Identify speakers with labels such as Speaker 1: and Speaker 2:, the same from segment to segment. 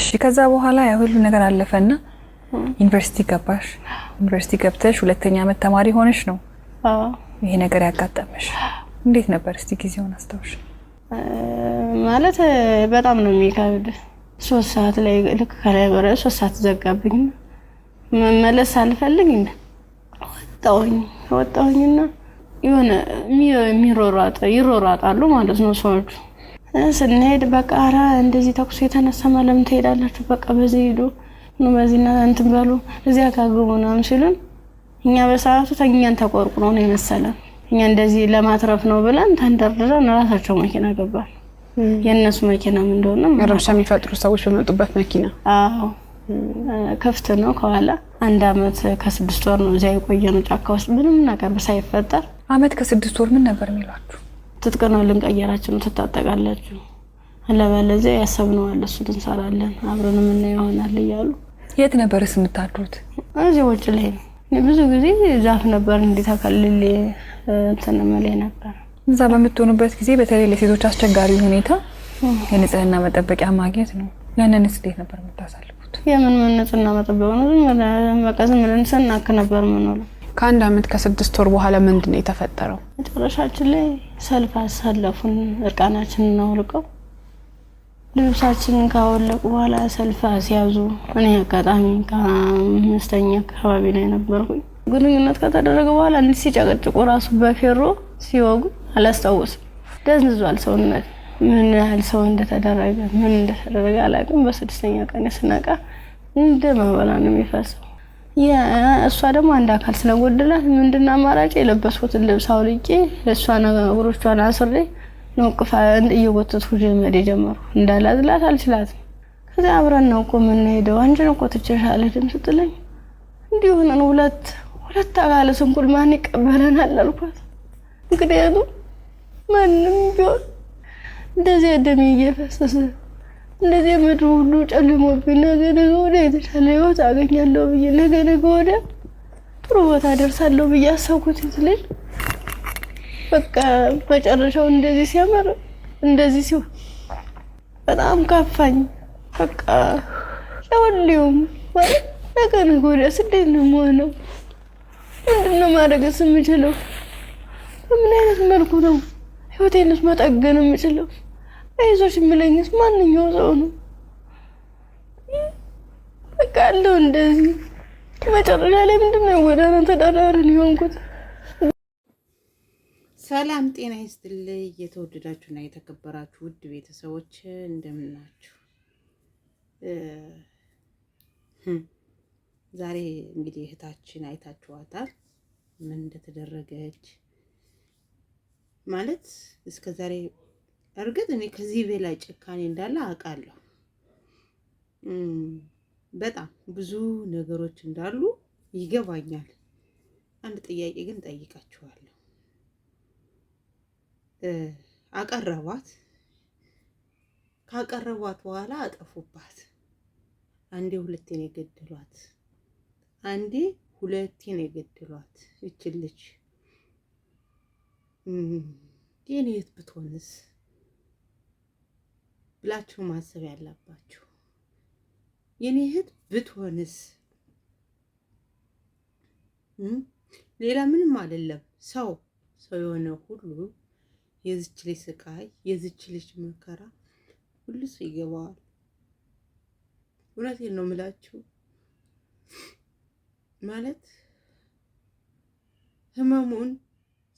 Speaker 1: እሺ ከዛ በኋላ ያ ሁሉ ነገር አለፈና ዩኒቨርሲቲ ገባሽ። ዩኒቨርሲቲ ገብተሽ ሁለተኛ አመት ተማሪ ሆነሽ ነው ይሄ ነገር ያጋጠመሽ። እንዴት ነበር እስቲ ጊዜውን አስታውሽ?
Speaker 2: ማለት በጣም ነው የሚከብድ። ሶስት ሰዓት ላይ ልክ ከላይ ወረ ሶስት ሰዓት ዘጋብኝ። መመለስ አልፈልግ ወጣሁኝ። ወጣሁኝና የሆነ የሚሮሯጠ ይሮሯጣሉ ማለት ነው ሰዎቹ ስንሄድ በቃ ኧረ እንደዚህ ተኩስ የተነሳ ማለም ትሄዳላችሁ? በቃ በዚህ ሂዱ ነው በዚህ እንትን በሉ እዚያ ካግቡ ምናምን ሲሉን እኛ በሰዓቱ ተኛን ተቆርቁ ነው ነው የመሰለን እኛ እንደዚህ ለማትረፍ ነው ብለን ተንደርድረን ራሳቸው መኪና ገባል። የእነሱ ምን እንደሆነ
Speaker 1: ረብሻ የሚፈጥሩ ሰዎች በመጡበት መኪና
Speaker 2: አዎ፣ ክፍት ነው ከኋላ። አንድ አመት ከስድስት ወር ነው እዚያ የቆየነው ጫካ ውስጥ ምንም ነገር ሳይፈጠር።
Speaker 1: አመት ከስድስት ወር ምን ነበር የሚሏችሁ?
Speaker 2: ትጥቅ ነው ልንቀየራችሁ ነው ትታጠቃላችሁ፣ አለበለዚያ ያሰብነዋል እሱን እንሰራለን አብረን ምን ይሆናል እያሉ።
Speaker 1: የት ነበርስ የምታድሩት?
Speaker 2: እዚህ ውጭ ላይ ነው። ብዙ ጊዜ ዛፍ ነበር እንዲታከልል ተነመለ ነበር።
Speaker 1: እዛ በምትሆኑበት ጊዜ በተለይ ለሴቶች አስቸጋሪ ሁኔታ የንጽህና መጠበቂያ ማግኘት ነው። ያንን እንዴት ነበር የምታሳልፉት?
Speaker 2: የምን ምን ንጽህና መጠበቅ ነው? ዝም ብለን ስናክ ነበር ምንለው
Speaker 1: ከአንድ አመት ከስድስት ወር በኋላ ምንድን ነው የተፈጠረው?
Speaker 2: መጨረሻችን ላይ ሰልፍ አሳለፉን። እርቃናችንን አውልቀው ልብሳችንን ካወለቁ በኋላ ሰልፍ አስያዙ። እኔ አጋጣሚ ከአምስተኛ አካባቢ ላይ ነበርኩኝ። ግንኙነት ከተደረገ በኋላ እንዲህ ሲጨቀጭቁ ራሱ በፌሮ ሲወጉ አላስታወስም። ደንዝዟል ሰውነት። ምን ያህል ሰው እንደተደረገ ምን እንደተደረገ አላውቅም። በስድስተኛ ቀን ስነቃ እንደ ማበላ ነው የሚፈሰው እሷ ደግሞ አንድ አካል ስለጎደላት ምንድን አማራጭ የለበስኩትን ልብስ አውልቄ እሷ እግሮቿን አስሬ ነው ቅፋ እየጎተትኩ ጀመር የጀመሩ እንዳላዝላት አልችላትም። ከዚያ አብረን ነው እኮ የምንሄደው አንቺን እኮ ትችላለች ስትለኝ እንዲሆነን ሁለት ሁለት አካለ ስንኩል ማን ይቀበለናል አልኳት። ምክንያቱም ማንም ቢሆን እንደዚያ ደሜ እየፈሰሰ እንደዚህ ምድሩ ሁሉ ጨልሞብኝ ነገ ነገ ወዲያ የተሻለ ህይወት አገኛለሁ ብዬ ነገ ነገ ወዲያ ጥሩ ቦታ ደርሳለሁ ብዬ አሰብኩት ልጅ በቃ መጨረሻው እንደዚህ ሲያምር እንደዚህ ሲሆን በጣም ካፋኝ። በቃ ለወሊውም ማለት ነገ ነገ ወዲያ ስደት ነው የምሆነው። ምንድን ማድረግስ የምችለው? በምን አይነት መልኩ ነው ህይወቴንስ መጠገን የምችለው? አይዞሽ የሚለኝስ ማንኛው ሰው ነው? በቃ አለው እንደዚህ መጨረሻ ላይ ምንድን ነው ጎዳና ተዳዳሪን የሆንኩት።
Speaker 3: ሰላም ጤና ይስጥልኝ። እና እየተከበራችሁ ውድ ቤተሰቦች እንደምናችሁ። hm፣ ዛሬ እንግዲህ እህታችን አይታችኋታል ምን እንደተደረገች ማለት እስከ ዛሬ እርግጥ እኔ ከዚህ በላይ ጭካኔ እንዳለ አውቃለሁ። በጣም ብዙ ነገሮች እንዳሉ ይገባኛል። አንድ ጥያቄ ግን ጠይቃችኋለሁ። አቀረቧት፣ ካቀረቧት በኋላ አጠፉባት። አንዴ ሁለቴ ነው የገድሏት። አንዴ ሁለቴ ነው የገድሏት። ይችልች የኔ የት ብትሆንስ ብላችሁ ማሰብ ያለባችሁ። የኔ እህት ብትሆንስ ሌላ ምንም አይደለም። ሰው ሰው የሆነ ሁሉ የዝች ልጅ ስቃይ የዝች ልጅ መከራ ሁሉ ሰው ይገባዋል። እውነቴን ነው የምላችሁ ማለት ህመሙን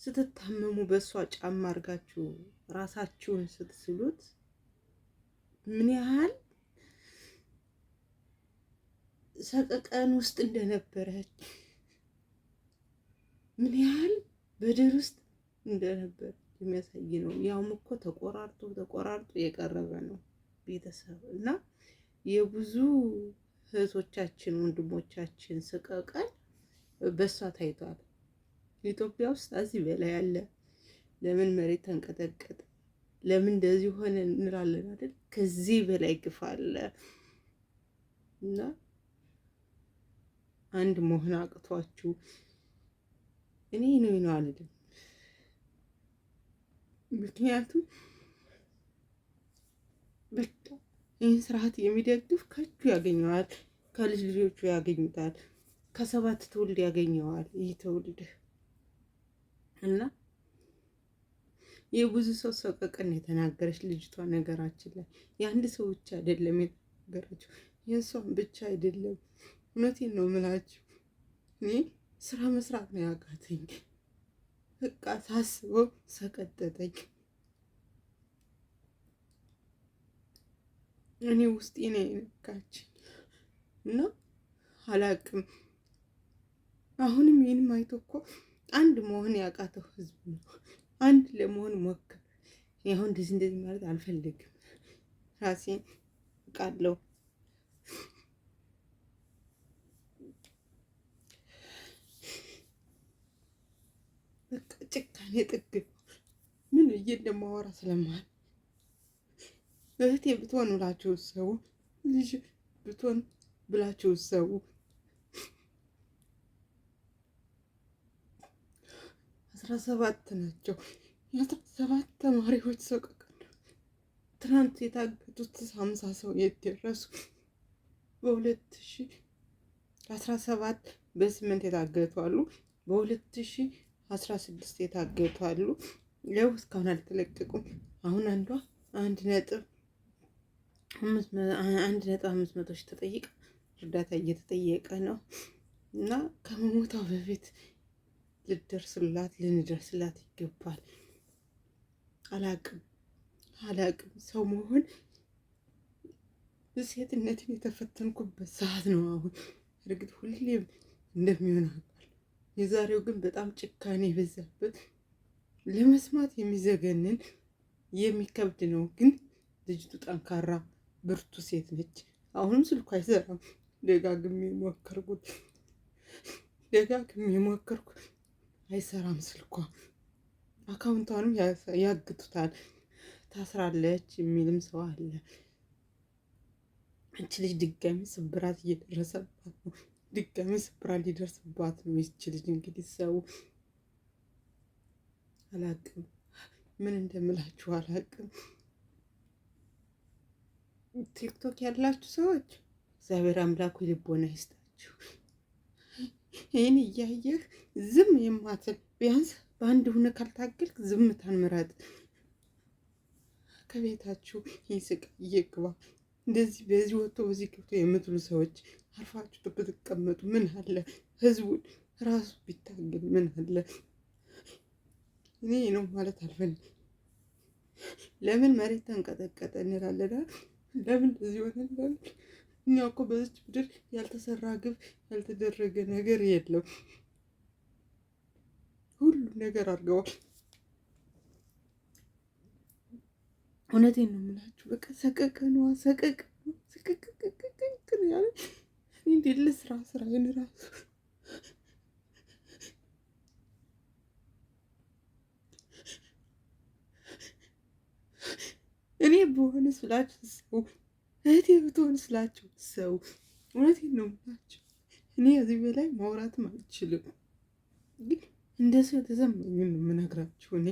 Speaker 3: ስትታመሙ በእሷ ጫማ አድርጋችሁ ራሳችሁን ስትስሉት ምን ያህል ሰቀቀን ውስጥ እንደነበረች ምን ያህል በደል ውስጥ እንደነበር የሚያሳይ ነው። ያውም እኮ ተቆራርጦ ተቆራርጦ የቀረበ ነው ቤተሰብ እና የብዙ እህቶቻችን ወንድሞቻችን ሰቀቀን በእሷ ታይቷል። ኢትዮጵያ ውስጥ ከዚህ በላይ አለ። ለምን መሬት ተንቀጠቀጠ? ለምን እንደዚህ ሆነ እንላለን አይደል? ከዚህ በላይ ግፍ አለ እና አንድ መሆን አቅቷችሁ እኔ ነው ነው አልልም። ምክንያቱም በቃ ይህን ስርዓት የሚደግፍ ከእጁ ያገኘዋል፣ ከልጅ ልጆቹ ያገኙታል፣ ከሰባት ትውልድ ያገኘዋል። ይህ ትውልድ እና የብዙ ሰው ሰቀቀን የተናገረች ልጅቷ ነገራችን ላይ የአንድ ሰው ብቻ አይደለም የተናገረችው፣ የእሷን ብቻ አይደለም። እውነቴን ነው ምላችሁ እኔ ስራ መስራት ነው ያቃተኝ። በቃ ታስበው ሰቀጠጠኝ። እኔ ውስጤ ነው የነካችን እና አላቅም። አሁንም ይህን አይቶ እኮ አንድ መሆን ያቃተው ህዝብ ነው። አንድ ለመሆን ሞክር። አሁን እንደዚህ እንደዚህ ማለት አልፈልግም። ራሴን ቃለው ጭካኔ ጥግ ምን ብዬ እንደማወራ ስለማል እህቴ ብትሆን ብላችሁ ሰው ልጅ ብትሆን ብላችሁ ሰው አስራ ሰባት ናቸው። የአስራ ሰባት ተማሪዎች ሰቀቀን። ትናንት የታገቱት ሀምሳ ሰው የት በሁለት ሺ አስራ ሰባት በስምንት የታገቱ አሉ። በሁለት ሺ አስራ ስድስት የታገቱ አሉ። ያው እስካሁን አልተለቀቁም። አሁን አንዷ አንድ ነጥብ አንድ ነጥብ አምስት መቶ ሺ ተጠይቃ እርዳታ እየተጠየቀ ነው እና ከመሞታው በፊት ልደርስላት ልንደርስላት ይገባል። አላቅም አላቅም ሰው መሆን ሴትነትን የተፈተንኩበት ሰዓት ነው አሁን። እርግጥ ሁሌም እንደሚሆን አውቃለሁ። የዛሬው ግን በጣም ጭካኔ የበዛበት ለመስማት የሚዘገንን የሚከብድ ነው። ግን ልጅቱ ጠንካራ ብርቱ ሴት ነች። አሁንም ስልኩ አይሰራም። ደጋግሜ ሞከርኩት ደጋግሜ ሞከርኩት። አይሰራም ስልኳ። አካውንቷንም ያግቱታል፣ ታስራለች የሚልም ሰው አለ። እች ልጅ ድጋሚ ስብራት እየደረሰባት ነው። ድጋሚ ስብራት ሊደርስባት ነው። ይች ልጅ እንግዲህ ሰው አላቅም፣ ምን እንደምላችሁ አላቅም። ቲክቶክ ያላችሁ ሰዎች እግዚአብሔር አምላኩ ልቦና ይስጣችሁ። ይህን እያየህ ዝም የማትል ቢያንስ በአንድ ሁነ ካልታገልክ ዝምታን ምረጥ። ከቤታችሁ ይስቅ ይግባ። እንደዚህ በዚህ ወጥቶ በዚህ ገብቶ የምትሉ ሰዎች አርፋችሁ ብትቀመጡ ምን አለ? ህዝቡን ራሱ ቢታገል ምን አለ? እኔ ነው ማለት አልፈን ለምን መሬት ተንቀጠቀጠ እንላለን? ለምን እዚህ ሆነ? እኛ እኮ በዚች ምድር ያልተሰራ ግብ ያልተደረገ ነገር የለም። ሁሉም ነገር አድርገዋል። እውነቴን ነው የምላችሁ። በቃ ሰቀቀኗ ሰቀቅ እህቴ ብትሆን ስላቸው ሰው እውነት ነው የምላቸው። እኔ ከዚህ በላይ ማውራትም አልችልም፣ ግን እንደ ሰው የተሰማኝን ነው የምነግራቸው እኔ